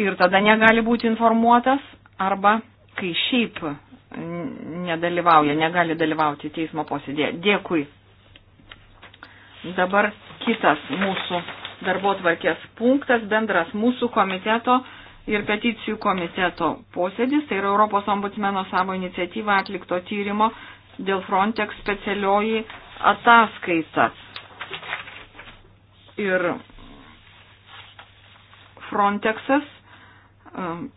ir tada negali būti informuotas, arba kai šiaip nedalyvauja, negali dalyvauti teismo posėdėje. Dėkui. Dabar kitas mūsų darbo tvarkės punktas, bendras mūsų komiteto ir peticijų komiteto posėdis, tai yra Europos ombudsmeno savo iniciatyvą atlikto tyrimo dėl Frontex specialioji ataskaita. Ir Frontexas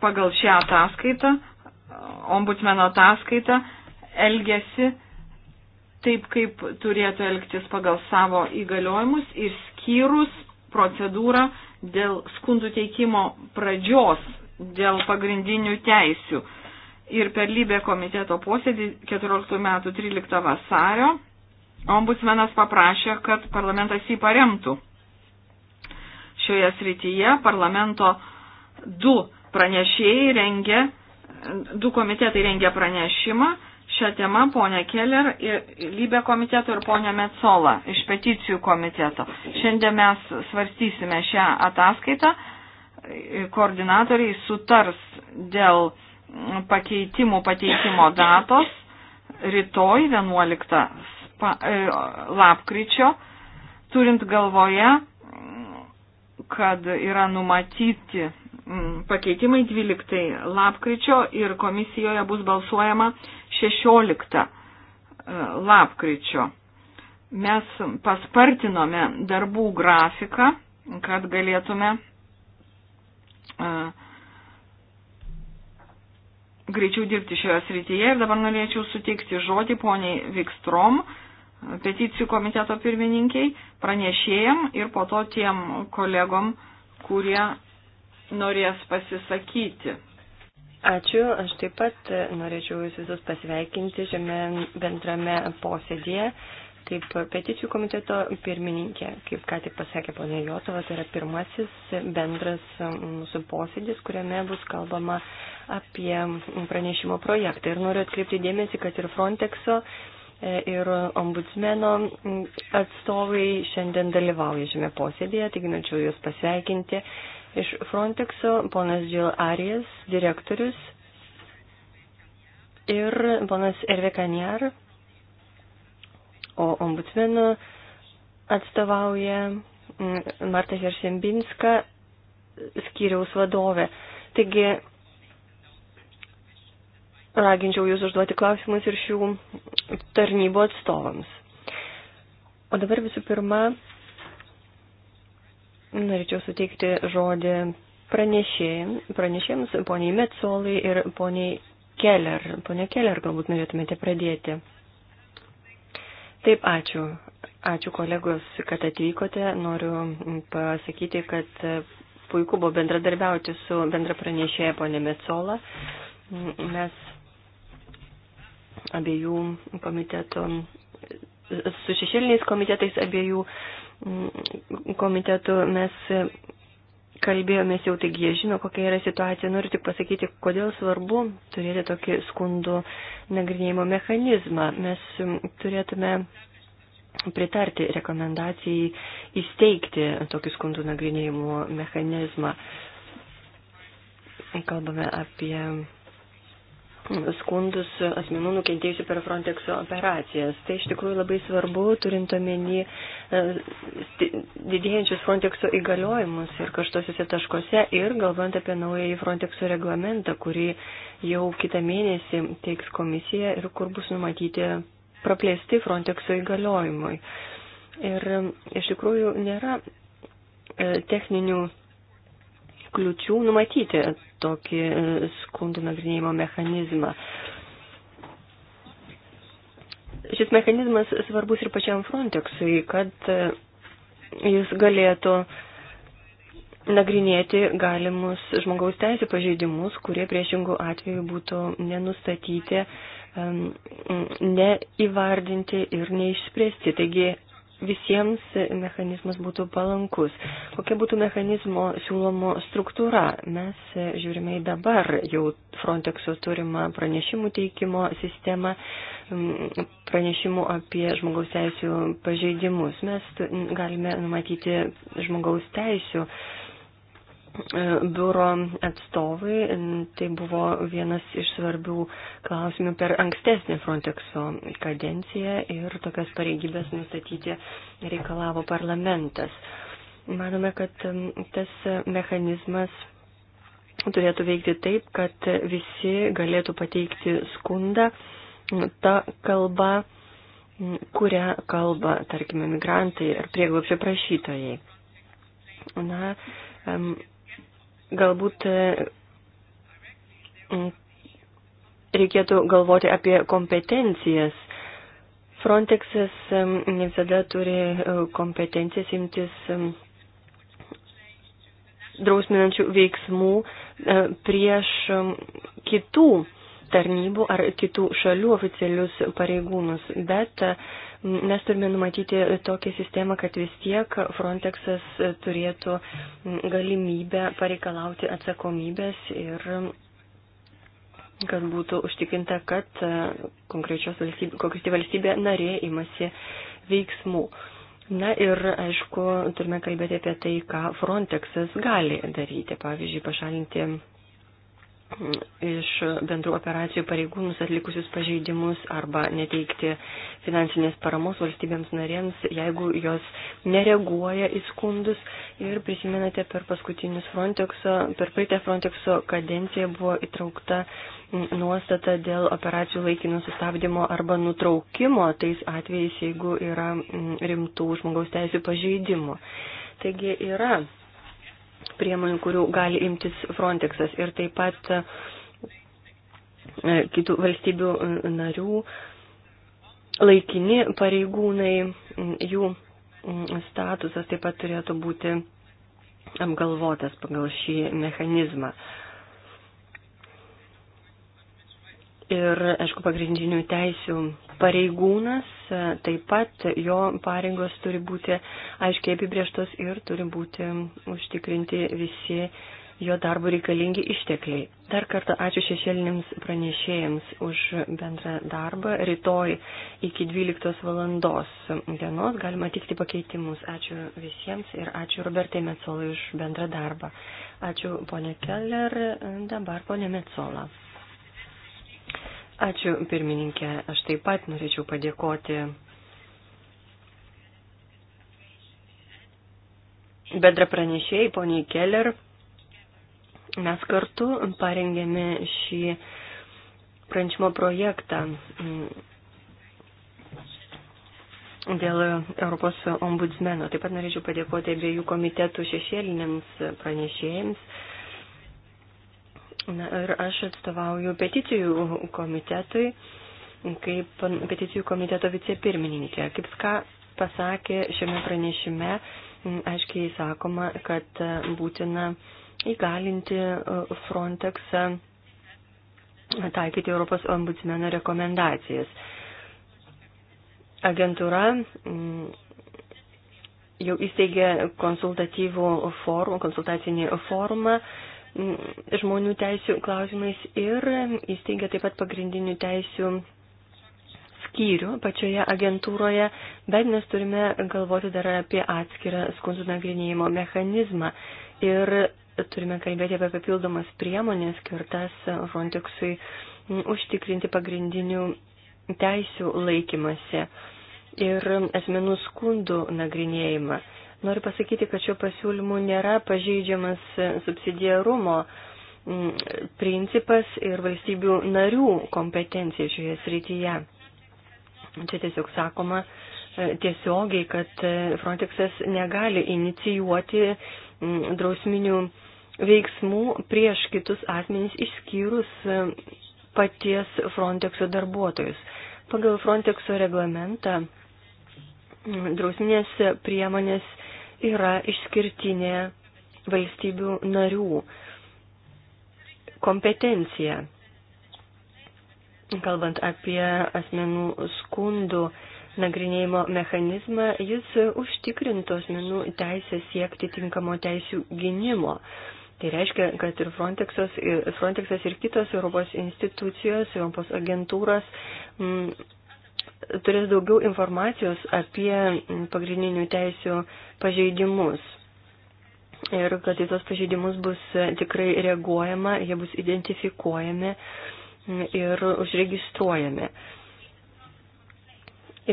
pagal šią ataskaitą, ombudsmeno ataskaitą, elgesi taip, kaip turėtų elgtis pagal savo įgaliojimus, išskyrus procedūrą dėl skundų teikimo pradžios, dėl pagrindinių teisių. Ir per Lybę komiteto posėdį 14 metų 13 vasario ombudsmenas paprašė, kad parlamentas jį paremtų. Šioje srityje parlamento du pranešėjai rengia, du komitetai rengia pranešimą šią temą, ponė Keller, Lybė komiteto ir ponė Metzola iš peticijų komiteto. Šiandien mes svarstysime šią ataskaitą, koordinatoriai sutars dėl pakeitimų pateikimo datos rytoj 11 e, lapkričio, turint galvoje, kad yra numatyti Mm, pakeitimai 12 lapkričio ir komisijoje bus balsuojama 16 e, lapkričio. Mes paspartinome darbų grafiką, kad galėtume e, greičiau dirbti šioje srityje ir dabar norėčiau suteikti žodį poniai Vikstrom, peticijų komiteto pirmininkiai, pranešėjam ir po to tiem kolegom, kurie norės pasisakyti. Ačiū, aš taip pat norėčiau jūs visus pasveikinti šiame bendrame posėdėje. Kaip peticijų komiteto pirmininkė, kaip ką tik pasakė ponė Jotova, tai yra pirmasis bendras mūsų posėdis, kuriame bus kalbama apie pranešimo projektą. Ir noriu atkreipti dėmesį, kad ir Frontexo, e, ir ombudsmeno atstovai šiandien dalyvauja šiame posėdėje, taigi norėčiau jūs pasveikinti Iš Frontexo ponas Džil Arijas, direktorius, ir ponas Erve Kanjar, o ombudsmenų atstovauja mm, Marta Heršembinska, skyriaus vadovė. Taigi, raginčiau jūs užduoti klausimus ir šių tarnybų atstovams. O dabar visų pirma, norėčiau suteikti žodį pranešėjams, poniai Metsolai ir poniai Keller. Pone Keller, galbūt norėtumėte pradėti. Taip, ačiū. Ačiū kolegos, kad atvykote. Noriu pasakyti, kad puiku buvo bendradarbiauti su bendra pranešėja ponė Metsola. Mes abiejų komiteto, su šešėliniais komitetais abiejų Mm, komitetu mes kalbėjomės jau, taigi jie žino, kokia yra situacija. Noriu tik pasakyti, kodėl svarbu turėti tokį skundų nagrinėjimo mechanizmą. Mes mm, turėtume pritarti rekomendacijai įsteigti tokį skundų nagrinėjimo mechanizmą. Kalbame apie skundus asmenų nukentėjusių per Frontexo operacijas. Tai iš tikrųjų labai svarbu, turint omeny e, didėjančius Frontexo įgaliojimus ir kažtosiuose taškuose ir galvant apie naująjį Frontexo reglamentą, kurį jau kitą mėnesį teiks komisija ir kur bus numatyti praplėsti Frontexo įgaliojimui. Ir e, iš tikrųjų nėra e, techninių kliučių numatyti tokį e, skundų nagrinėjimo mechanizmą. Šis mechanizmas svarbus ir pačiam Frontexui, kad e, jis galėtų nagrinėti galimus žmogaus teisų pažeidimus, kurie priešingų atveju būtų nenustatyti, neįvardinti ir neišspręsti. Taigi visiems mechanizmas būtų palankus. Kokia būtų mechanizmo siūlomo struktūra? Mes žiūrime į dabar jau Frontexo turimą pranešimų teikimo sistemą, pranešimų apie žmogaus teisų pažeidimus. Mes galime numatyti žmogaus teisų E, biuro atstovai. Tai buvo vienas iš svarbių klausimų per ankstesnį Frontexo kadenciją ir tokias pareigybės nustatyti reikalavo parlamentas. Manome, kad tas mechanizmas turėtų veikti taip, kad visi galėtų pateikti skundą tą kalbą, kurią kalba, tarkime, migrantai ar prieglopšio prašytojai. Na, Galbūt e, reikėtų galvoti apie kompetencijas. Frontexas e, ne visada turi e, kompetencijas imtis drausminančių veiksmų prieš kitų tarnybų ar kitų šalių oficialius pareigūnus, bet e, mes turime numatyti tokią sistemą, kad vis tiek Frontexas turėtų galimybę pareikalauti atsakomybės ir kad būtų užtikrinta, kad e, konkrečios valstybė, konkreti valstybė narė imasi veiksmų. Na ir, aišku, turime kalbėti apie tai, ką Frontexas gali daryti, pavyzdžiui, pašalinti iš bendrų operacijų pareigūnus atlikusius pažeidimus arba neteikti finansinės paramos valstybėms narėms, jeigu jos nereaguoja į skundus. Ir prisimenate, per paskutinius Frontexo, per praeitę Frontexo kadenciją buvo įtraukta nuostata dėl operacijų laikinų sustabdymo arba nutraukimo tais atvejais, jeigu yra mm, rimtų žmogaus teisų pažeidimų. Taigi yra priemonių, kurių gali imtis Frontexas ir taip pat e, kitų valstybių e, narių laikini pareigūnai, jų statusas taip pat turėtų būti apgalvotas pagal šį mechanizmą. Ir, aišku, pagrindinių teisių pareigūnas, e, taip pat jo pareigos turi būti aiškiai apibrieštos ir turi būti užtikrinti visi jo darbo reikalingi ištekliai. Dar kartą ačiū šešėlinėms pranešėjams už bendrą darbą. Rytoj iki 12 valandos dienos galima tikti pakeitimus. Ačiū visiems ir ačiū Robertai Metsolai už bendrą darbą. Ačiū ponė Keller, dabar ponė Metsola. Ačiū, pirmininkė. Aš taip pat norėčiau padėkoti bedra pranešėjai, poniai Keller. Mes kartu parengėme šį pranešimo projektą dėl Europos ombudsmeno. Taip pat norėčiau padėkoti abiejų komitetų šešėliniams pranešėjams Na ir aš atstovauju peticijų komitetui kaip peticijų komiteto vicepirmininkė. Kaip ką pasakė šiame pranešime, aiškiai sakoma, kad būtina įgalinti e, Frontexą taikyti Europos ombudsmeno rekomendacijas. Agentūra jau įsteigė konsultatyvų formą, konsultacinį formą Mm, žmonių teisų klausimais ir įsteigia taip pat pagrindinių teisų skyrių pačioje agentūroje, bet mes turime galvoti dar apie atskirą skundų nagrinėjimo mechanizmą. Ir turime kalbėti apie papildomas priemonės skirtas Frontexui mm, užtikrinti pagrindinių teisių laikymasi ir asmenų skundų nagrinėjimą. Noriu pasakyti, kad šio pasiūlymų nėra pažeidžiamas subsidiarumo mm, principas ir valstybių narių kompetencija šioje srityje. Čia tiesiog sakoma e, tiesiogiai, kad e, Frontexas negali inicijuoti mm, drausminių veiksmų prieš kitus asmenys išskyrus e, paties Frontexo darbuotojus. Pagal Frontexo reglamentą mm, drausminės priemonės yra išskirtinė valstybių narių kompetencija. Kalbant apie asmenų skundų nagrinėjimo mechanizmą, jis užtikrintų asmenų teisę siekti tinkamo teisų gynimo. Tai reiškia, kad ir Frontexas, ir Frontexas ir kitos Europos institucijos, Europos agentūros m, mm, turės daugiau informacijos apie pagrindinių teisių pažeidimus. Ir kad į tos pažeidimus bus tikrai reaguojama, jie bus identifikuojami ir užregistruojami.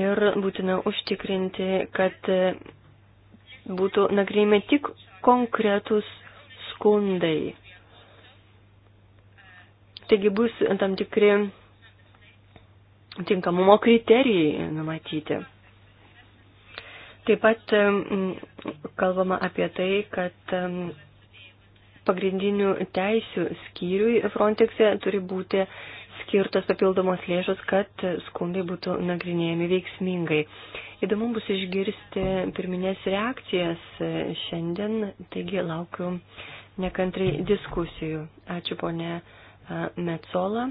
Ir būtina užtikrinti, kad būtų nagrėjami tik konkretus skundai. Taigi bus tam tikri tinkamumo kriterijai numatyti. Taip pat kalbama apie tai, kad pagrindinių teisių skyriui Frontexe turi būti skirtos papildomos lėšos, kad skundai būtų nagrinėjami veiksmingai. Įdomu bus išgirsti pirminės reakcijas šiandien, taigi laukiu nekantrai diskusijų. Ačiū ponė Metzola.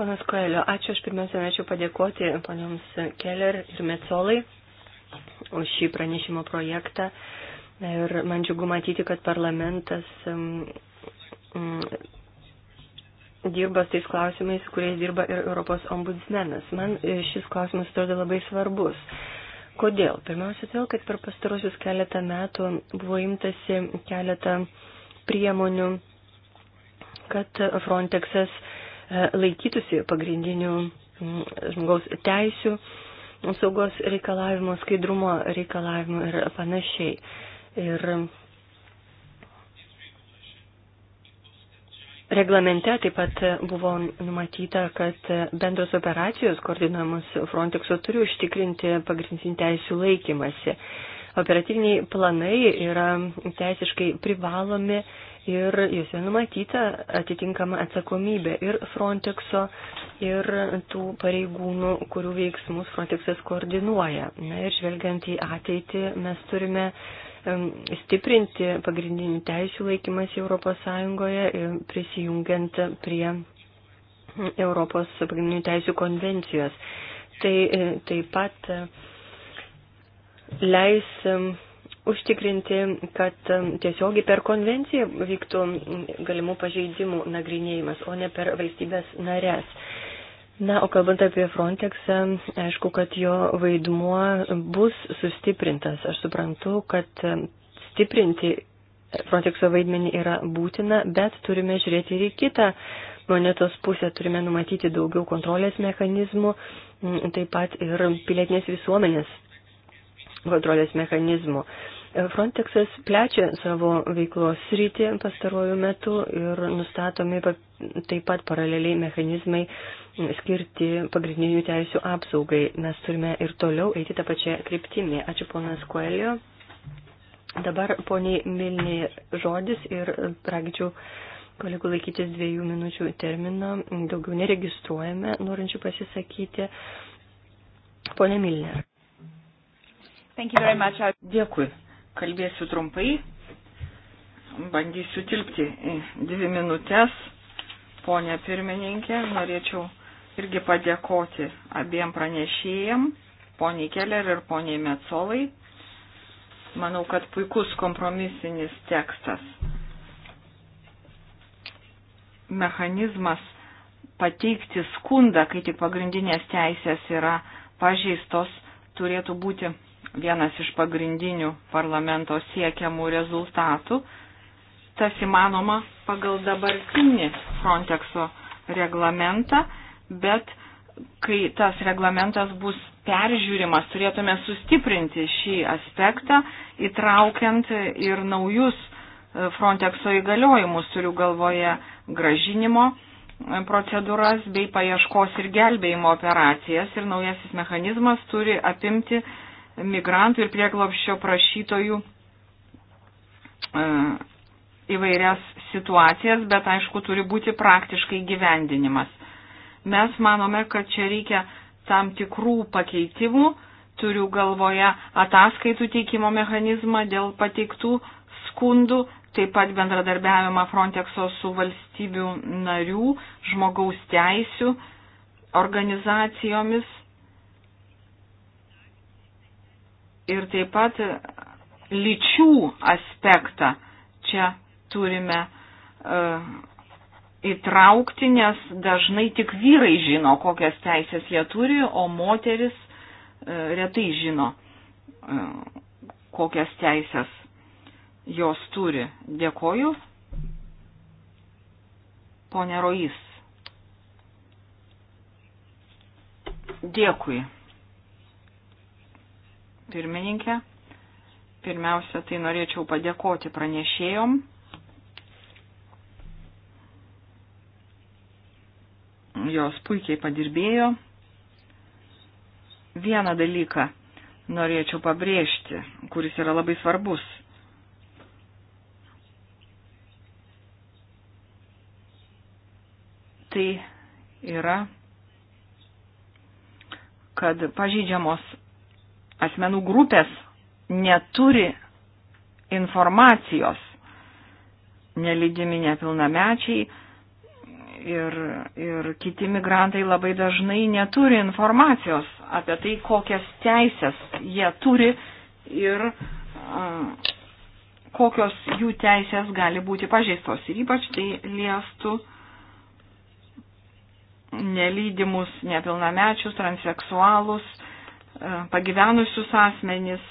Ponas Koelio, ačiū. Aš pirmiausia norėčiau padėkoti poniams Keller ir Metsolai už šį pranešimo projektą. Ir man džiugu matyti, kad parlamentas mm, mm, dirba tais klausimais, kuriais dirba ir Europos ombudsmenas. Man e, šis klausimas atrodo labai svarbus. Kodėl? Pirmiausia, todėl, kad per pastarosius keletą metų buvo imtasi keletą priemonių, kad Frontexas laikytųsi pagrindinių mm, žmogaus teisių, saugos reikalavimo, skaidrumo reikalavimo ir panašiai. Ir Reglamente taip pat buvo numatyta, kad bendros operacijos koordinamos Frontexo turi užtikrinti pagrindinį teisų laikymasi. Operatyviniai planai yra teisiškai privalomi ir jose numatyta atitinkama atsakomybė ir Frontexo, ir tų pareigūnų, kurių veiksmus Frontexas koordinuoja. Na ir žvelgiant į ateitį, mes turime stiprinti pagrindinių teisų laikymas Europos Sąjungoje, prisijungiant prie Europos pagrindinių teisų konvencijos. Tai taip pat leis užtikrinti, kad um, tiesiogiai per konvenciją vyktų galimų pažeidimų nagrinėjimas, o ne per valstybės narės. Na, o kalbant apie Frontexą, um, aišku, kad jo vaidmuo bus sustiprintas. Aš suprantu, kad um, stiprinti Frontexo vaidmenį yra būtina, bet turime žiūrėti ir į kitą monetos pusę, turime numatyti daugiau kontrolės mechanizmų, taip pat ir pilietinės visuomenės kontrolės mechanizmų. Frontexas plečia savo veiklos sritį pastaruoju metu ir nustatomi taip pat paraleliai mechanizmai skirti pagrindinių teisų apsaugai. Mes turime ir toliau eiti tą pačią kryptimį. Ačiū ponas Koelio. Dabar poniai Milni žodis ir ragičiau kolegų laikytis dviejų minučių termino. Daugiau neregistruojame norinčių pasisakyti. Pone Milner. Dėkui. Kalbėsiu trumpai. Bandysiu tilpti į dvi minutės. Pone pirmininkė, norėčiau irgi padėkoti abiem pranešėjim, poniai Keller ir poniai Metsolai. Manau, kad puikus kompromisinis tekstas. Mechanizmas pateikti skundą, kai tik pagrindinės teisės yra pažeistos, turėtų būti vienas iš pagrindinių parlamento siekiamų rezultatų. Tas įmanoma pagal dabartinį Frontexo reglamentą, bet kai tas reglamentas bus peržiūrimas, turėtume sustiprinti šį aspektą, įtraukiant ir naujus e, Frontexo įgaliojimus, turiu galvoje gražinimo e, procedūras bei paieškos ir gelbėjimo operacijas ir naujasis mechanizmas turi apimti migrantų ir prieglopščio prašytojų e, įvairias situacijas, bet aišku, turi būti praktiškai gyvendinimas. Mes manome, kad čia reikia tam tikrų pakeitimų, turiu galvoje ataskaitų teikimo mechanizmą dėl pateiktų skundų, taip pat bendradarbiavimą Frontexo su valstybių narių, žmogaus teisių organizacijomis ir taip pat lyčių aspektą čia turime uh, įtraukti, nes dažnai tik vyrai žino, kokias teisės jie turi, o moteris uh, retai žino, uh, kokias teisės jos turi. Dėkoju. Pone Rois. Dėkui pirmininkė. Pirmiausia, tai norėčiau padėkoti pranešėjom. Jos puikiai padirbėjo. Vieną dalyką norėčiau pabrėžti, kuris yra labai svarbus. Tai yra, kad pažydžiamos asmenų grupės neturi informacijos, nelydimi nepilnamečiai ir, ir kiti migrantai labai dažnai neturi informacijos apie tai, kokias teisės jie turi ir a, kokios jų teisės gali būti pažeistos. Ir ypač tai liestų nelydimus nepilnamečius, transeksualus, E, pagyvenusius asmenys,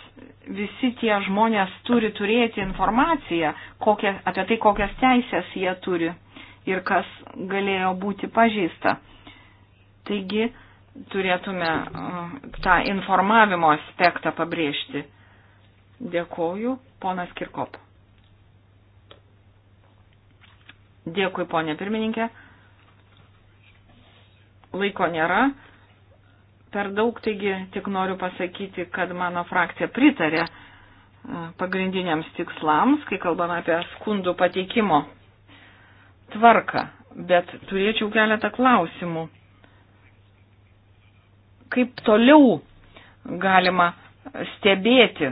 visi tie žmonės turi turėti informaciją kokie, apie tai, kokias teisės jie turi ir kas galėjo būti pažįsta. Taigi turėtume e, tą informavimo aspektą pabrėžti. Dėkoju, ponas Kirkop. Dėkui, ponė pirmininkė. Laiko nėra per daug, taigi tik noriu pasakyti, kad mano frakcija pritarė e, pagrindiniams tikslams, kai kalbame apie skundų pateikimo tvarką, bet turėčiau keletą klausimų. Kaip toliau galima stebėti,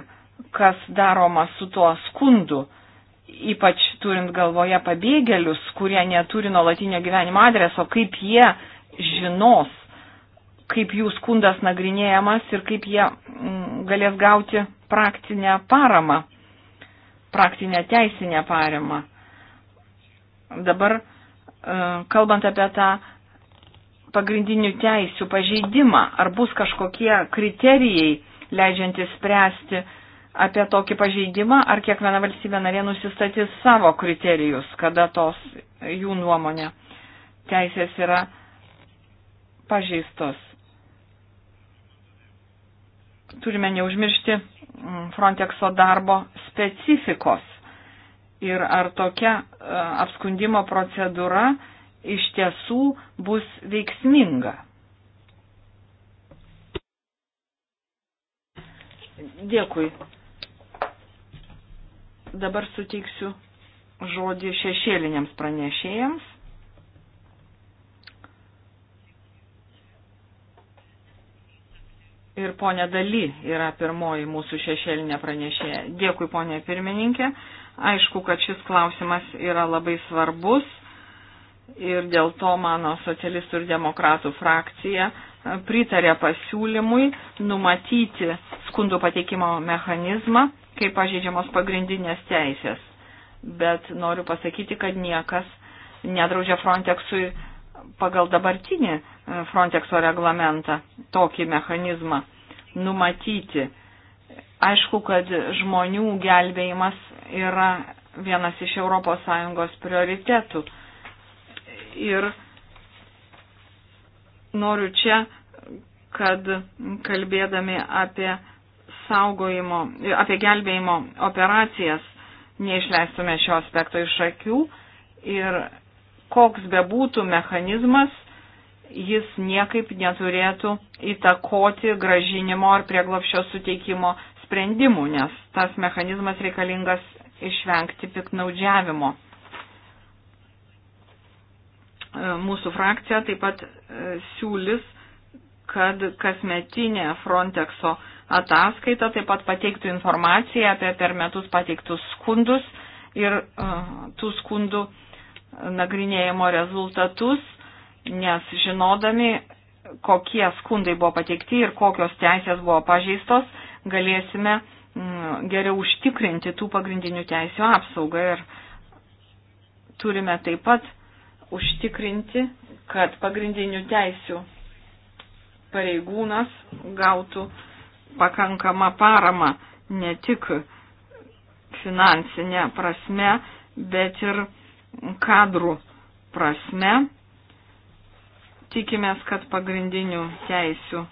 kas daroma su tuo skundu, ypač turint galvoje pabėgėlius, kurie neturi nuolatinio gyvenimo adreso, kaip jie žinos, kaip jų skundas nagrinėjamas ir kaip jie mm, galės gauti praktinę paramą, praktinę teisinę paramą. Dabar, e, kalbant apie tą pagrindinių teisių pažeidimą, ar bus kažkokie kriterijai leidžiantys spręsti apie tokį pažeidimą, ar kiekviena valstybė narė nusistatys savo kriterijus, kada tos jų nuomonė teisės yra pažeistos turime neužmiršti mm, Frontexo darbo specifikos ir ar tokia e, apskundimo procedūra iš tiesų bus veiksminga. Dėkui. Dabar suteiksiu žodį šešėliniams pranešėjams. ir ponė Daly yra pirmoji mūsų šešėlinė pranešėja. Dėkui, ponė pirmininkė. Aišku, kad šis klausimas yra labai svarbus ir dėl to mano socialistų ir demokratų frakcija e, pritarė pasiūlymui numatyti skundų pateikimo mechanizmą, kaip pažeidžiamos pagrindinės teisės. Bet noriu pasakyti, kad niekas nedraužia Frontexui pagal dabartinį Frontexo reglamentą, tokį mechanizmą numatyti. Aišku, kad žmonių gelbėjimas yra vienas iš ES prioritetų. Ir noriu čia, kad kalbėdami apie saugojimo, apie gelbėjimo operacijas, neišleistume šio aspekto iš akių ir koks bebūtų mechanizmas, jis niekaip neturėtų įtakoti gražinimo ar prieglopščio suteikimo sprendimų, nes tas mechanizmas reikalingas išvengti piknaudžiavimo. E, mūsų frakcija taip pat e, siūlis, kad kasmetinė Frontexo ataskaita taip pat pateiktų informaciją apie per metus pateiktus skundus ir e, tų skundų nagrinėjimo rezultatus nes žinodami, kokie skundai buvo pateikti ir kokios teisės buvo pažeistos, galėsime mm, geriau užtikrinti tų pagrindinių teisių apsaugą ir turime taip pat užtikrinti, kad pagrindinių teisių pareigūnas gautų pakankamą paramą ne tik finansinė prasme, bet ir kadrų prasme. Tikimės, kad pagrindinių teisių e,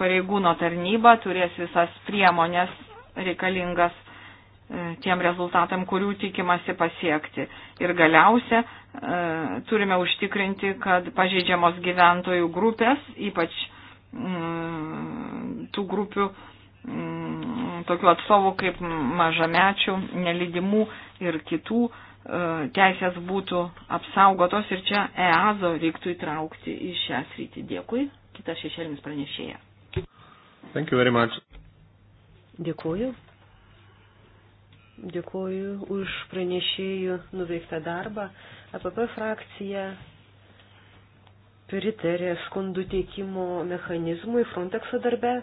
pareigūno tarnyba turės visas priemonės reikalingas e, tiem rezultatam, kurių tikimasi pasiekti. Ir galiausia, e, turime užtikrinti, kad pažeidžiamos gyventojų grupės, ypač mm, tų grupių, mm, tokių atstovų kaip mažamečių, nelidimų ir kitų E, teisės būtų apsaugotos ir čia EASO reiktų įtraukti į šią sritį. Dėkui. Kitas šešėlinis pranešėjas. Thank you very much. Dėkuoju. Dėkuoju už pranešėjų nuveiktą darbą. APP frakcija pritarė skundų teikimo mechanizmui Frontexo darbe.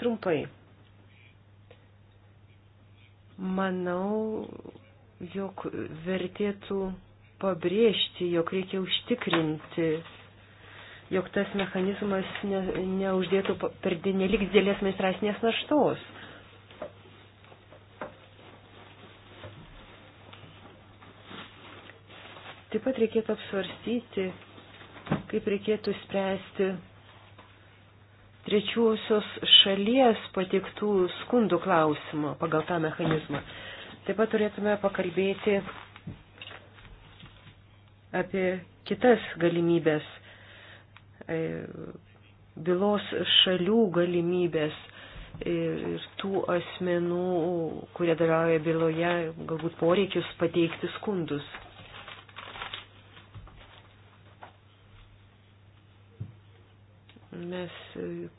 Trumpai. Manau, jog vertėtų pabrėžti, jog reikia užtikrinti, jog tas mechanizmas ne, neuždėtų per nelik dėlės meistrasinės naštos. Taip pat reikėtų apsvarstyti, kaip reikėtų spręsti trečiosios šalies patiktų skundų klausimą pagal tą mechanizmą. Taip pat turėtume pakalbėti apie kitas galimybės, e, bylos šalių galimybės ir tų asmenų, kurie dalyvauja byloje, galbūt poreikius pateikti skundus. Mes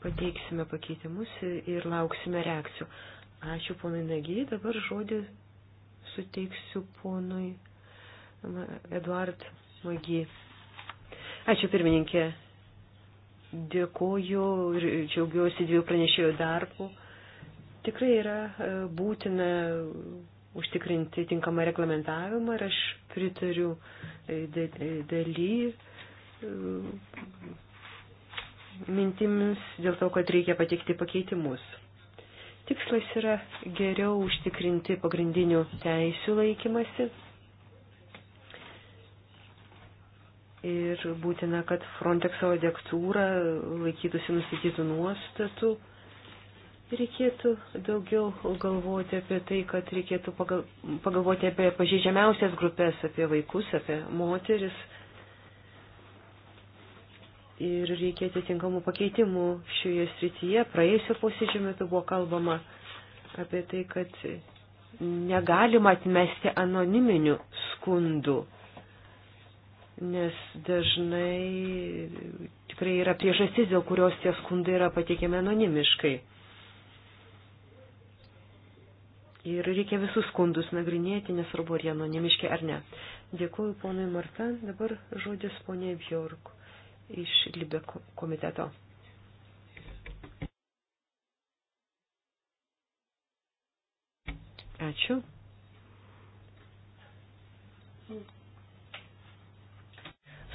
pateiksime pakeitimus ir lauksime reakcijų. Ačiū, ponai Nagy, dabar žodis suteiksiu ponui Eduard Magi. Ačiū pirmininkė. Dėkuoju ir džiaugiuosi dviejų pranešėjų darbų. Tikrai yra e, būtina užtikrinti tinkamą reglamentavimą ir aš pritariu e, e, daly mintimis dėl to, kad reikia pateikti pakeitimus. Tikslas yra geriau užtikrinti pagrindinių teisių laikymasi ir būtina, kad Frontexo adektūra laikytųsi nustatytų nuostatų. Reikėtų daugiau galvoti apie tai, kad reikėtų pagal, pagalvoti apie pažeidžiamiausias grupės, apie vaikus, apie moteris ir reikia atitinkamų pakeitimų šioje srityje. Praėjusio posėdžio metu buvo kalbama apie tai, kad negalima atmesti anoniminių skundų, nes dažnai tikrai yra priežastis, dėl kurios tie skundai yra pateikiami anonimiškai. Ir reikia visus skundus nagrinėti, nesvarbu, ar jie anonimiški ar ne. Dėkuoju ponui Marta, dabar žodis ponė Bjork iš Libė komiteto. Ačiū.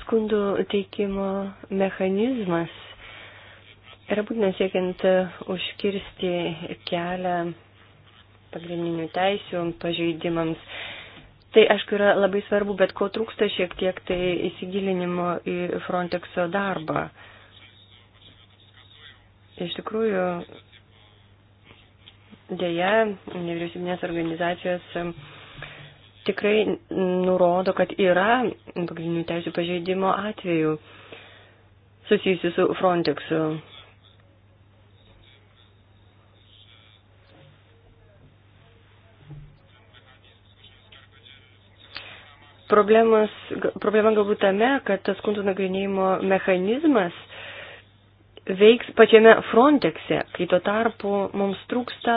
Skundų teikimo mechanizmas yra būtinas siekiant užkirsti kelią pagrindinių teisių pažeidimams Tai, aišku, yra labai svarbu, bet ko trūksta šiek tiek, tai įsigilinimo į Frontexo darbą. Iš tikrųjų, dėja, nevyriausybinės organizacijos um, tikrai nurodo, kad yra pagrindinių teisų pažeidimo atvejų susijusių su Frontexu. Problemas, problema galbūt tame, kad tas skundų nagrinėjimo mechanizmas veiks pačiame Frontexe, kai tuo tarpu mums trūksta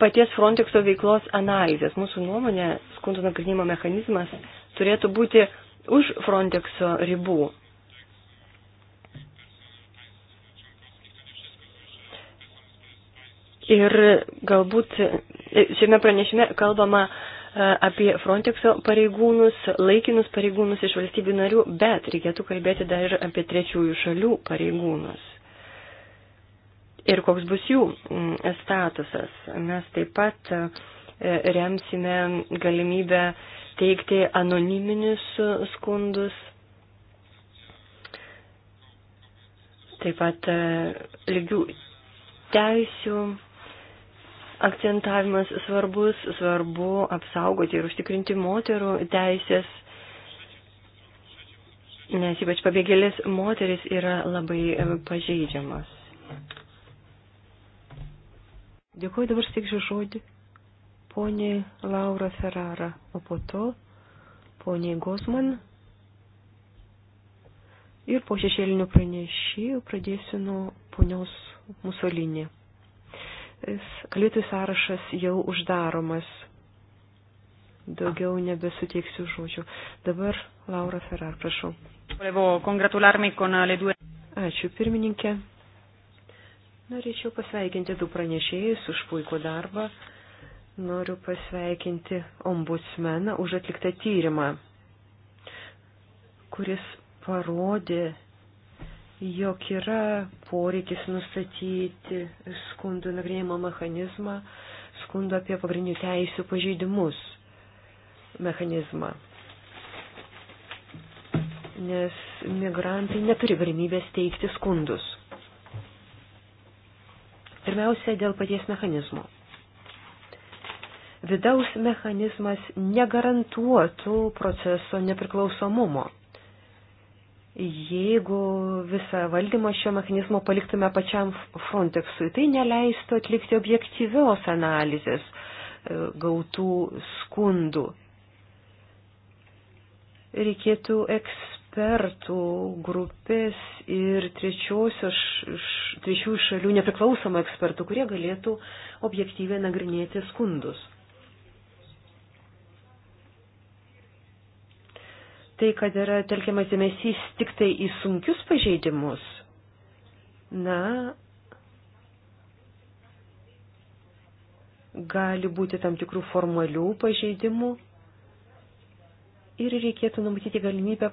paties Frontexo veiklos analizės. Mūsų nuomonė, skundų nagrinėjimo mechanizmas turėtų būti už Frontexo ribų. Ir galbūt e, šiame pranešime kalbama E, apie Frontexo pareigūnus, laikinus pareigūnus iš valstybių narių, bet reikėtų kalbėti dar ir apie trečiųjų šalių pareigūnus. Ir koks bus jų statusas. Mes taip pat e, remsime galimybę teikti anoniminius skundus. Taip pat e, lygių teisių akcentavimas svarbus, svarbu apsaugoti ir užtikrinti moterų teisės, nes ypač pabėgėlės moteris yra labai e, pažeidžiamas. Dėkuoju dabar stikšiu žodį poniai Laura Ferrara, o po to poniai Gosman. Ir po šešėlinių pranešėjų pradėsiu nuo ponios Musolinė. Kalėtojų sąrašas jau uždaromas. Daugiau nebesuteiksiu žodžių. Dabar Laura Ferrar, prašau. Ačiū, pirmininkė. Norėčiau pasveikinti du pranešėjus už puikų darbą. Noriu pasveikinti ombudsmeną už atliktą tyrimą, kuris parodė, jog yra poreikis nustatyti skundų nagrinėjimo mechanizmą, skundų apie pagrindinių teisų pažeidimus mechanizmą. Nes migrantai neturi galimybės teikti skundus. Pirmiausia, dėl paties mechanizmo. Vidaus mechanizmas negarantuotų proceso nepriklausomumo Jeigu visą valdymą šio mechanizmo paliktume pačiam Frontexui, tai neleistų atlikti objektyvios analizės e, gautų skundų. Reikėtų ekspertų grupės ir trečiosios, trečiųjų šalių nepriklausomų ekspertų, kurie galėtų objektyviai nagrinėti skundus. tai, kad yra telkiamas dėmesys tik tai į sunkius pažeidimus, na, gali būti tam tikrų formalių pažeidimų ir reikėtų numatyti galimybę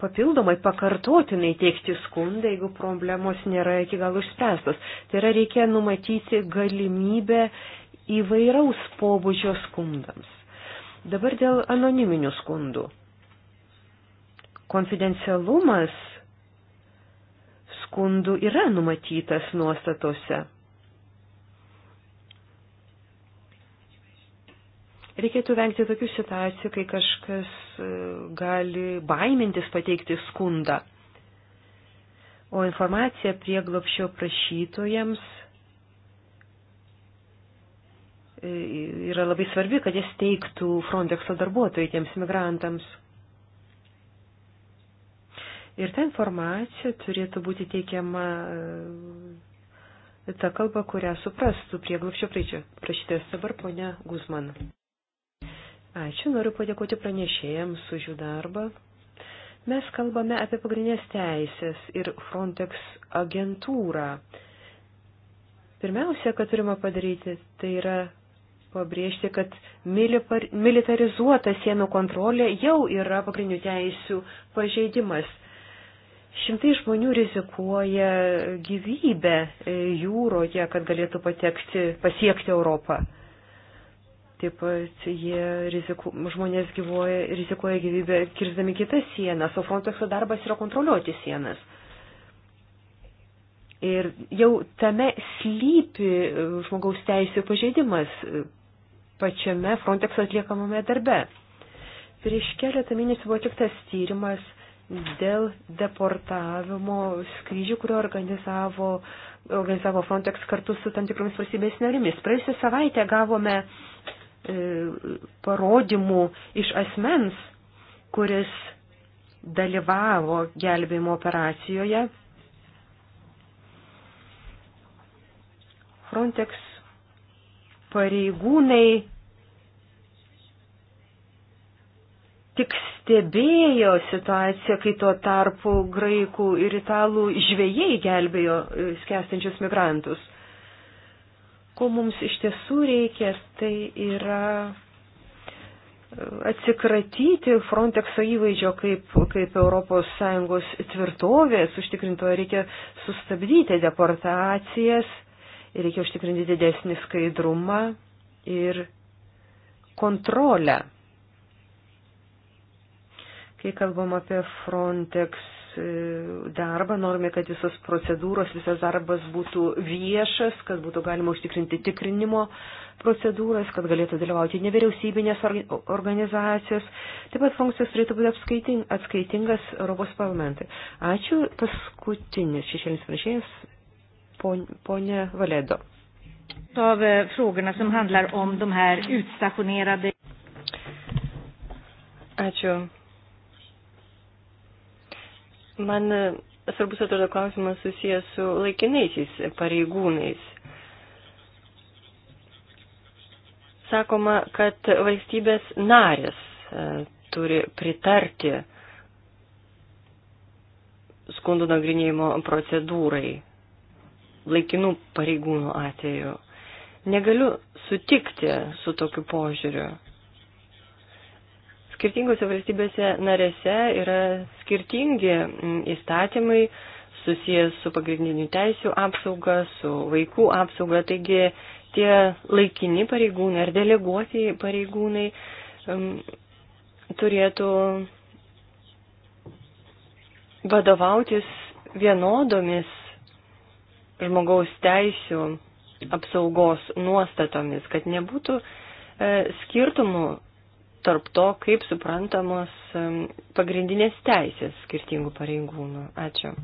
papildomai pakartotinai teikti skundą, jeigu problemos nėra iki galo išspręstos. Tai yra reikia numatyti galimybę įvairaus pobūdžio skundams. Dabar dėl anoniminių skundų. Konfidencialumas skundų yra numatytas nuostatose. Reikėtų vengti tokių situacijų, kai kažkas e, gali baimintis pateikti skundą. O informacija prieglopšio prašytojams yra labai svarbi, kad jas teiktų Frontexo darbuotojai tiems migrantams. Ir ta informacija turėtų būti teikiama e, ta kalba, kurią suprastų prieglapščio prašytės dabar ponia Guzman. Ačiū, noriu padėkoti pranešėjams už jų darbą. Mes kalbame apie pagrindinės teisės ir Frontex agentūrą. Pirmiausia, ką turime padaryti, tai yra pabrėžti, kad militarizuota sienų kontrolė jau yra pagrindinių teisių pažeidimas. Šimtai žmonių rizikuoja gyvybę e, jūroje, kad galėtų patekti, pasiekti Europą. Taip pat jie riziku, žmonės gyvoja, rizikuoja gyvybę kirzdami kitas sienas, o Frontexo darbas yra kontroliuoti sienas. Ir jau tame slypi žmogaus teisų pažeidimas, pačiame Frontex atliekamame darbe. Prieš keletą mėnesių buvo atliktas tyrimas dėl deportavimo skrydžių, kurio organizavo, organizavo Frontex kartu su tam tikromis valstybės narimis. Praėjusią savaitę gavome e, parodymų iš asmens, kuris dalyvavo gelbėjimo operacijoje. Frontex pareigūnai tik stebėjo situaciją, kai tuo tarpu graikų ir italų žvėjai gelbėjo e, skęstančius migrantus. Ko mums iš tiesų reikės, tai yra e, atsikratyti Frontexo įvaizdžio kaip, kaip ES tvirtovės, užtikrintoje reikia sustabdyti deportacijas Ir reikia užtikrinti didesnį skaidrumą ir kontrolę. Kai kalbam apie Frontex e, darbą, norime, kad visos procedūros, visas darbas būtų viešas, kad būtų galima užtikrinti tikrinimo procedūras, kad galėtų dalyvauti nevyriausybinės organizacijos. Taip pat funkcijos turėtų būti atskaiting, atskaitingas Europos parlamentai. Ačiū. Paskutinis šešėlis pranešėjas Ponė Valedo. Av eh, frågorna som handlar om de här utstationerade. Ačiū. Man eh, svarbus atrodo klausimas susijęs su laikinaisiais pareigūnais. Sakoma, kad valstybės narės eh, turi pritarti skundų nagrinėjimo procedūrai laikinų pareigūnų atveju. Negaliu sutikti su tokiu požiūriu. Skirtingose valstybėse narėse yra skirtingi mm, įstatymai susijęs su pagrindinių teisių apsauga, su vaikų apsauga, taigi tie laikini pareigūnai ar deleguoti pareigūnai um, turėtų vadovautis vienodomis žmogaus teisų apsaugos nuostatomis, kad nebūtų e, skirtumų tarp to, kaip suprantamos e, pagrindinės teisės skirtingų pareigūnų. Ačiū.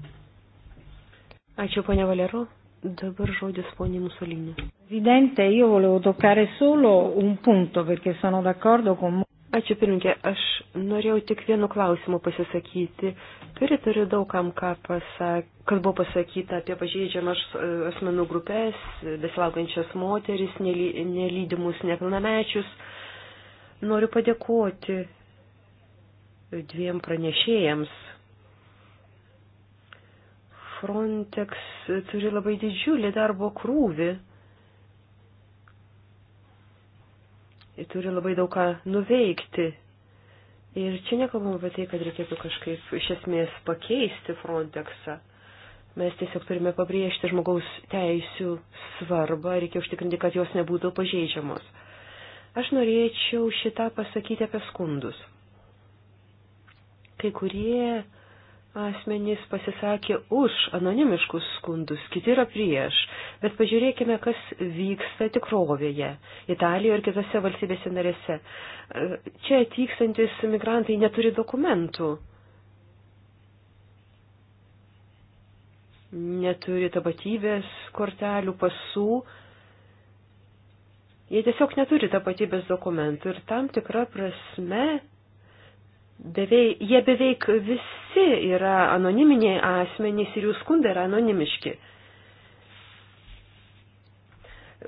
Ačiū, ponia Valero. Dabar žodis poniai Musolinė. Vidente, io volevo toccare solo un punto, perché sono d'accordo con... Ačiū, pirmininkė. Aš norėjau tik vienu klausimu pasisakyti. Pritariu daugam, ką pasak, kas buvo pasakyta apie pažeidžiamas e, asmenų grupės, besilaukiančias moteris, nelydimus nepilnamečius. Noriu padėkoti dviem pranešėjams. Frontex turi labai didžiulį darbo krūvį. Ir turi labai daug ką nuveikti Ir čia nekalbam apie tai, kad reikėtų kažkaip iš esmės pakeisti Frontexą. Mes tiesiog turime pabrėžti žmogaus teisių svarbą, reikia užtikrinti, kad jos nebūtų pažeidžiamos. Aš norėčiau šitą pasakyti apie skundus. Kai kurie asmenys pasisakė už anonimiškus skundus, kiti yra prieš. Bet pažiūrėkime, kas vyksta tikrovėje Italijoje ir kitose valstybėse narėse. Čia atvykstantis migrantai neturi dokumentų. Neturi tapatybės kortelių, pasų. Jie tiesiog neturi tapatybės dokumentų ir tam tikra prasme beveik, jie beveik visi yra anoniminiai asmenys ir jų skundai yra anonimiški.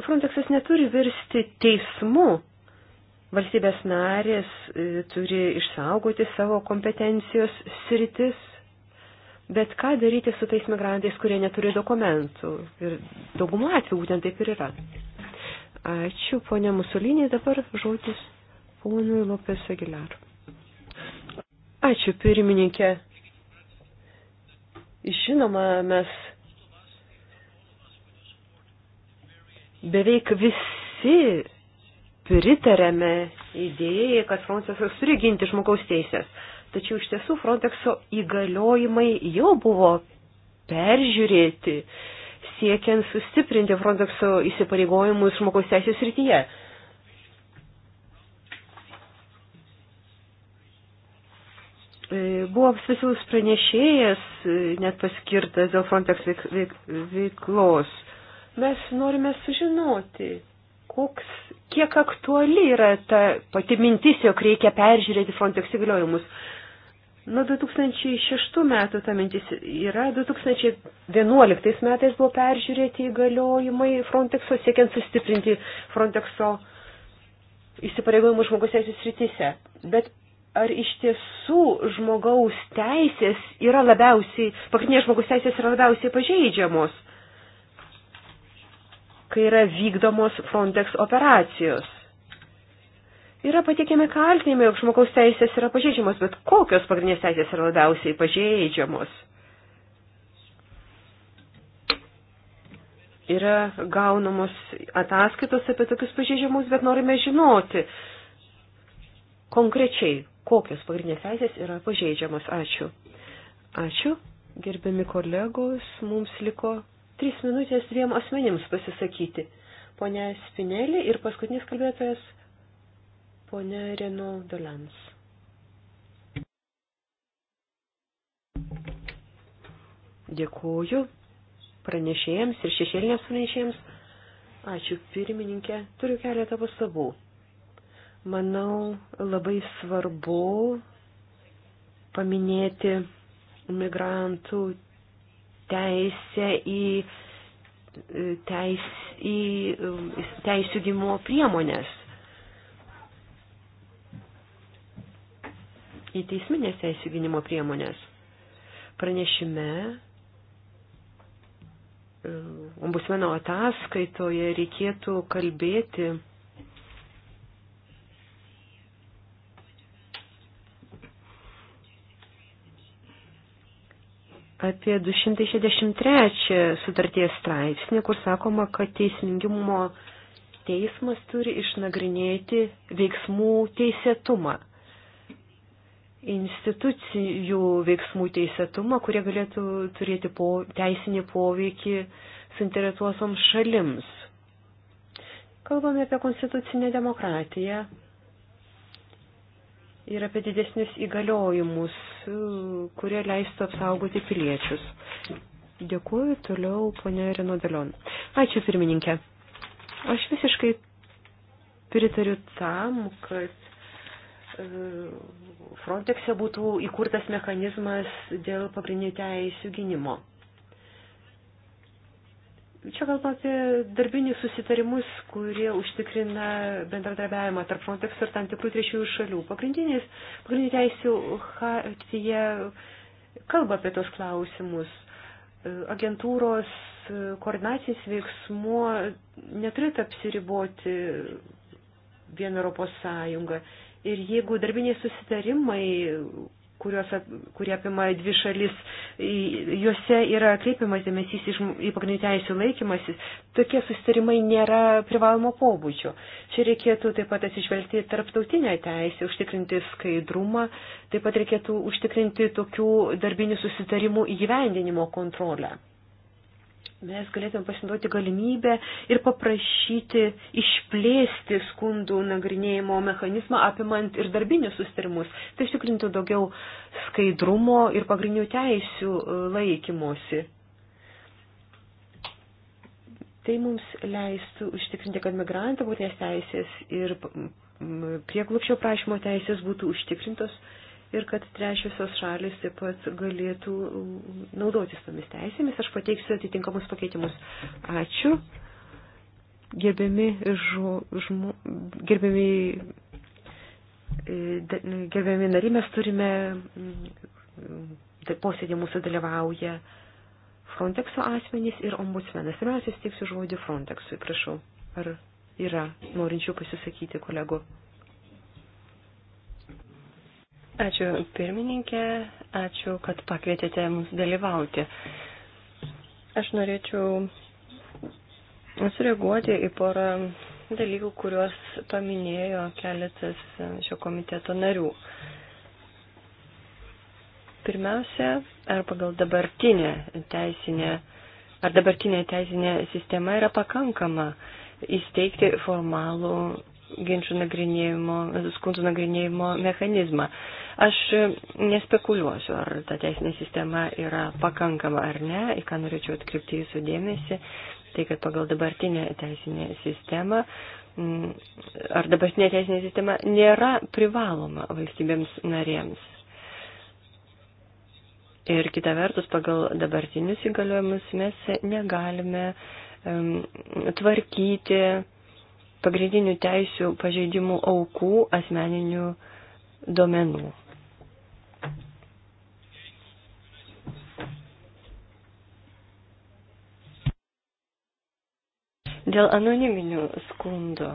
Frontexas neturi virsti teismu. Valstybės narės e, turi išsaugoti savo kompetencijos sritis, bet ką daryti su tais migrantais, kurie neturi dokumentų. Ir daugumą atveju būtent taip ir yra. Ačiū, ponė Musulinė, dabar žodis ponui Lopės Aguilar. Ačiū, pirmininkė. Žinoma, mes beveik visi pritarėme idėjai, kad Frontexas turi ginti žmogaus teisės. Tačiau iš tiesų Frontexo įgaliojimai jau buvo peržiūrėti, siekiant sustiprinti Frontexo įsipareigojimus žmogaus teisės rytyje. E, buvo specialus pranešėjas e, net paskirtas dėl Frontex veik, veik, veiklos. Mes norime sužinoti, koks, kiek aktuali yra ta pati mintis, jog reikia peržiūrėti Frontex įgaliojimus. Nuo 2006 metų ta mintis yra, 2011 metais buvo peržiūrėti įgaliojimai Frontexo, siekiant sustiprinti Frontexo įsipareigojimų žmogus teisės rytise. Bet ar iš tiesų žmogaus teisės yra labiausiai, pagrindinės žmogaus teisės yra labiausiai pažeidžiamos, kai yra vykdomos Frontex operacijos. Yra patiekiami kaltinimai, jog žmogaus teisės yra pažeidžiamos, bet kokios pagrindinės teisės yra labiausiai pažeidžiamos? Yra gaunamos ataskaitos apie tokius pažeidžiamus, bet norime žinoti, konkrečiai, kokios pagrindinės teisės yra pažeidžiamas. Ačiū. Ačiū, gerbiami kolegos, mums liko tris minutės dviem asmenims pasisakyti. Pone Spinelį ir paskutinis kalbėtojas, pone Renu Dolans. Dėkuoju pranešėjams ir šešėlinės pranešėjams. Ačiū pirmininkė, turiu keletą pastabų. Manau, labai svarbu paminėti migrantų teisę į, teis, į teisų gimimo priemonės. Į teisminės teisų gynimo priemonės. Pranešime e, ombudsmeno ataskaitoje reikėtų kalbėti apie 263 sutarties straipsnį, kur sakoma, kad teisingumo teismas turi išnagrinėti veiksmų teisėtumą, institucijų veiksmų teisėtumą, kurie galėtų turėti po, teisinį poveikį suinteresuosoms šalims. Kalbame apie konstitucinę demokratiją, ir apie didesnius įgaliojimus, kurie leistų apsaugoti piliečius. Dėkuoju toliau, ponė Renodelion. Ačiū, pirmininkė. Aš visiškai pritariu tam, kad e, Frontexe būtų įkurtas mechanizmas dėl pagrindinių teisų gynimo. Čia kalbame apie darbinius susitarimus, kurie užtikrina bendradarbiavimą tarp Frontex ir tam tikrų trečiųjų šalių. Pagrindinis, pagrindinė teisų hartija kalba apie tos klausimus. Agentūros koordinacinis veiksmuo neturėtų apsiriboti vien Europos Sąjungą. Ir jeigu darbiniai susitarimai kurios, kurie apima dvi šalis, juose yra kreipiamas dėmesys į, į pagrindinių teisų laikymasi, tokie susitarimai nėra privalomo pobūdžio. Čia reikėtų taip pat atsižvelgti tarptautinę teisę, užtikrinti skaidrumą, taip pat reikėtų užtikrinti tokių darbinių susitarimų įgyvendinimo kontrolę mes galėtume pasinaudoti galimybę ir paprašyti išplėsti skundų nagrinėjimo mechanizmą, apimant ir darbinius sustarimus. Tai užtikrintų daugiau skaidrumo ir pagrindinių teisių e, laikymosi. Tai mums leistų užtikrinti, kad migrantų būtės teisės ir prieglupščio prašymo teisės būtų užtikrintos ir kad trečiosios šalis taip pat galėtų naudotis tomis teisėmis. Aš pateiksiu atitinkamus pakeitimus. Ačiū. Gerbiami, žu, žmu, gerbiami, e, gerbiami nariai, mes turime posėdį mūsų dalyvauja Frontexo asmenys ir ombudsmenas. Pirmiausia, steiksiu žodį Frontexui, prašau. Ar yra norinčių pasisakyti kolegų? Ačiū pirmininkė, ačiū, kad pakvietėte mus dalyvauti. Aš norėčiau sureaguoti į porą dalykų, kuriuos paminėjo keletas šio komiteto narių. Pirmiausia, ar pagal dabartinę teisinę, ar dabartinė teisinė sistema yra pakankama įsteigti formalų ginčių nagrinėjimo, skundų nagrinėjimo mechanizmą. Aš nespekuliuosiu, ar ta teisinė sistema yra pakankama ar ne, į ką norėčiau atkreipti jūsų dėmesį, tai kad pagal dabartinę teisinę sistemą ar dabartinė teisinė sistema nėra privaloma valstybėms narėms. Ir kita vertus, pagal dabartinius įgaliojimus mes negalime um, tvarkyti pagrindinių teisių pažeidimų aukų asmeninių duomenų. Dėl anoniminių skundų.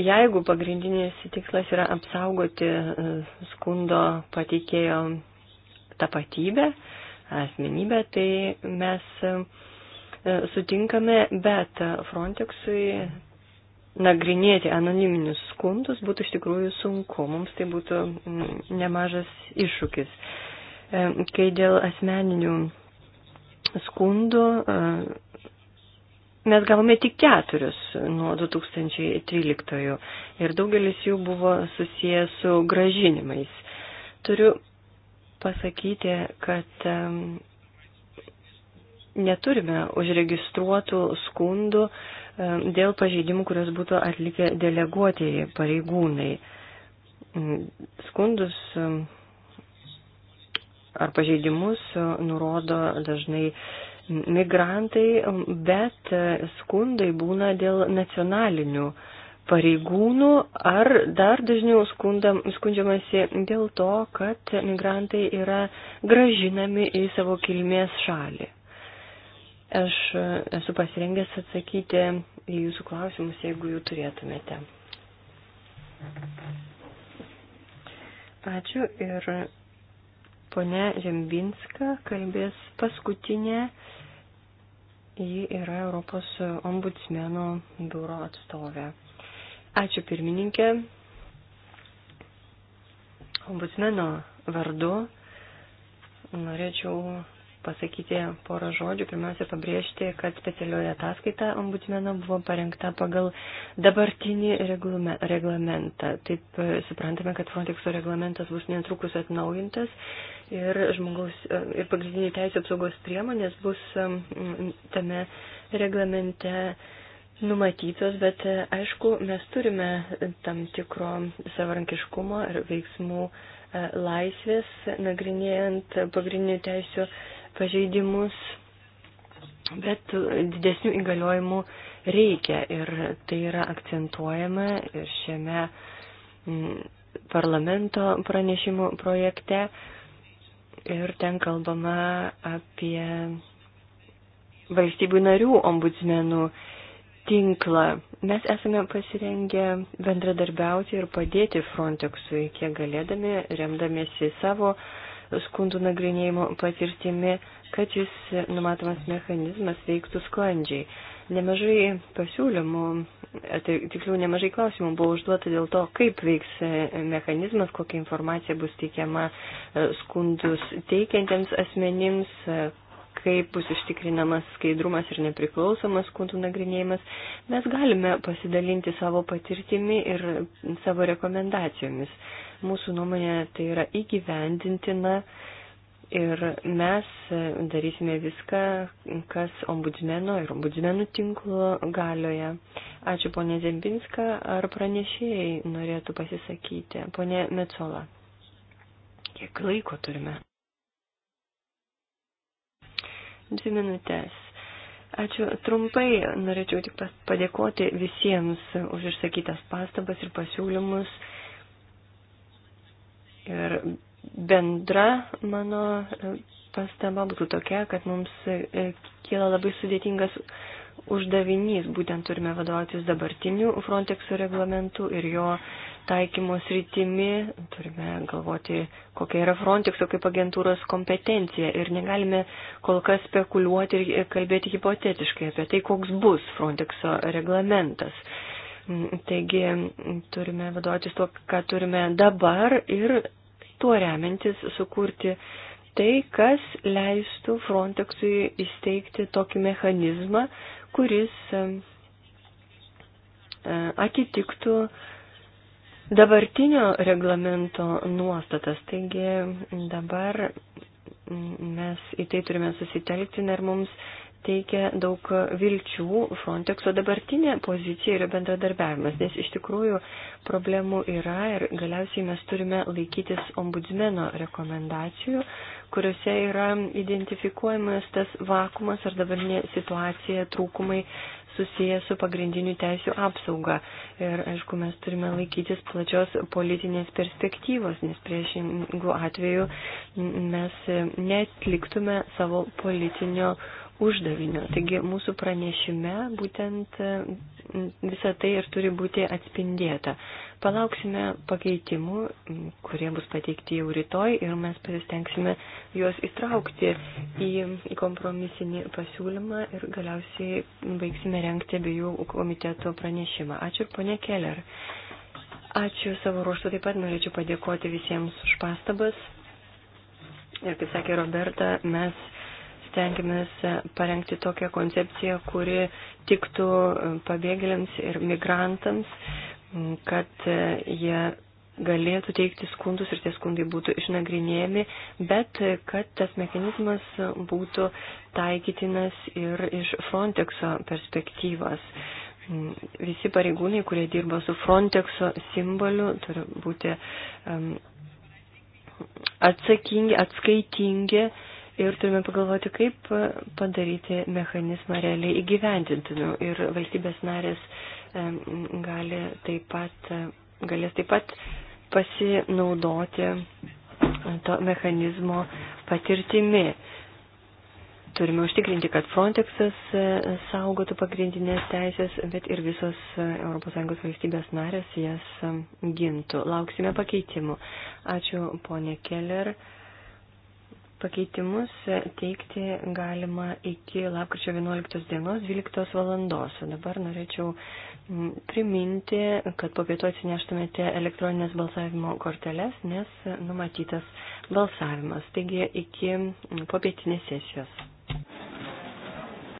Jeigu pagrindinis tikslas yra apsaugoti e, skundo pateikėjo tapatybę, asmenybę, tai mes E, sutinkame, bet Frontexui nagrinėti anoniminius skundus būtų iš tikrųjų sunku, mums tai būtų nemažas iššūkis. E, kai dėl asmeninių skundų e, mes gavome tik keturis nuo 2013 ir daugelis jų buvo susijęs su gražinimais. Turiu pasakyti, kad neturime užregistruotų skundų e, dėl pažeidimų, kurios būtų atlikę deleguotieji pareigūnai. Mm, skundus e, ar pažeidimus e, nurodo dažnai migrantai, bet skundai būna dėl nacionalinių pareigūnų ar dar dažniau skundam, skundžiamasi dėl to, kad migrantai yra gražinami į savo kilmės šalį. Aš esu pasirengęs atsakyti į jūsų klausimus, jeigu jų turėtumėte. Ačiū ir ponia Žembinska kalbės paskutinė. Ji yra Europos ombudsmeno biuro atstovė. Ačiū pirmininkė. Ombudsmeno vardu norėčiau pasakyti porą žodžių. Pirmiausia, pabrėžti, kad specialioji ataskaita ombudsmeno buvo parengta pagal dabartinį reglamentą. Taip e, suprantame, kad Frontexo reglamentas bus netrukus atnaujintas ir, žmogaus, e, ir pagrindiniai teisų apsaugos priemonės bus e, tame reglamente numatytos, bet aišku, mes turime tam tikro savarankiškumo ir veiksmų laisvės, nagrinėjant pagrindinių teisų pažeidimus, bet didesnių įgaliojimų reikia ir tai yra akcentuojama ir šiame mm, parlamento pranešimų projekte ir ten kalbama apie valstybių narių ombudsmenų tinklą. Mes esame pasirengę bendradarbiauti ir padėti Frontexui, kiek galėdami, remdamiesi savo uh, skundų nagrinėjimo patirtimi, kad jis numatomas mechanizmas veiktų sklandžiai. Nemažai pasiūlymų, e, tai tiksliau nemažai klausimų buvo užduota dėl to, kaip veiks e, mechanizmas, kokia informacija bus teikiama e, skundus teikiantiems asmenims, kaip bus užtikrinamas skaidrumas ir nepriklausomas skundų nagrinėjimas, mes galime pasidalinti savo patirtimi ir savo rekomendacijomis. Mūsų nuomonė tai yra įgyvendintina ir mes darysime viską, kas ombudsmeno ir ombudsmenų tinklo galioje. Ačiū ponė Zembinska, ar pranešėjai norėtų pasisakyti? Pone Metsola, kiek laiko turime? Dvi minutės. Ačiū. Trumpai norėčiau tik padėkoti visiems už išsakytas pastabas ir pasiūlymus. Ir bendra mano pastaba būtų tokia, kad mums e, kyla labai sudėtingas uždavinys, būtent turime vadovautis dabartiniu Frontexo reglamentu ir jo taikymo sritimi, turime galvoti, kokia yra Frontexo kaip agentūros kompetencija ir negalime kol kas spekuliuoti ir kalbėti hipotetiškai apie tai, koks bus Frontexo reglamentas. Taigi turime vadovautis tuo, ką turime dabar ir tuo remiantis sukurti tai, kas leistų Frontexui įsteigti tokį mechanizmą, kuris e, e, atitiktų dabartinio reglamento nuostatas. Taigi dabar mes į tai turime susitelkti ir mums teikia daug vilčių Frontexo dabartinė pozicija yra bendradarbiavimas, nes iš tikrųjų problemų yra ir galiausiai mes turime laikytis ombudsmeno rekomendacijų, kuriuose yra identifikuojamas tas vakumas ar dabartinė situacija, trūkumai susiję su pagrindinių teisių apsauga. Ir, aišku, mes turime laikytis plačios politinės perspektyvos, nes priešingų atveju mes netliktume savo politinio uh, uždaviniu. Taigi mūsų pranešime būtent e, visa tai ir turi būti atspindėta. Palauksime pakeitimų, kurie bus pateikti jau rytoj ir mes pasistengsime juos įtraukti į kompromisinį pasiūlymą ir galiausiai baigsime renkti abiejų komiteto pranešimą. Ačiū ir ponė Keller. Ačiū savo ruoštų, taip pat norėčiau padėkoti visiems už pastabas. Ir kaip sakė Roberta, mes stengiamės parengti tokią koncepciją, kuri tiktų pabėgėliams ir migrantams, kad jie galėtų teikti skundus ir tie skundai būtų išnagrinėjami, bet kad tas mechanizmas būtų taikytinas ir iš Frontexo perspektyvos. Visi pareigūnai, kurie dirba su Frontexo simboliu, turi būti um, atsakingi, atskaitingi ir turime pagalvoti, kaip padaryti mechanizmą realiai įgyvendintinu. Ir valstybės narės gali taip pat, galės taip pat pasinaudoti to mechanizmo patirtimi. Turime užtikrinti, kad Frontexas e, saugotų pagrindinės teisės, bet ir visos ES valstybės narės jas e, gintų. Lauksime pakeitimų. Ačiū, ponė Keller. Pakeitimus teikti galima iki lapkričio 11 dienos 12 valandos. O dabar norėčiau mm, priminti, kad po pietų atsineštumėte elektroninės balsavimo korteles, nes numatytas balsavimas. Taigi iki popietinės sesijos.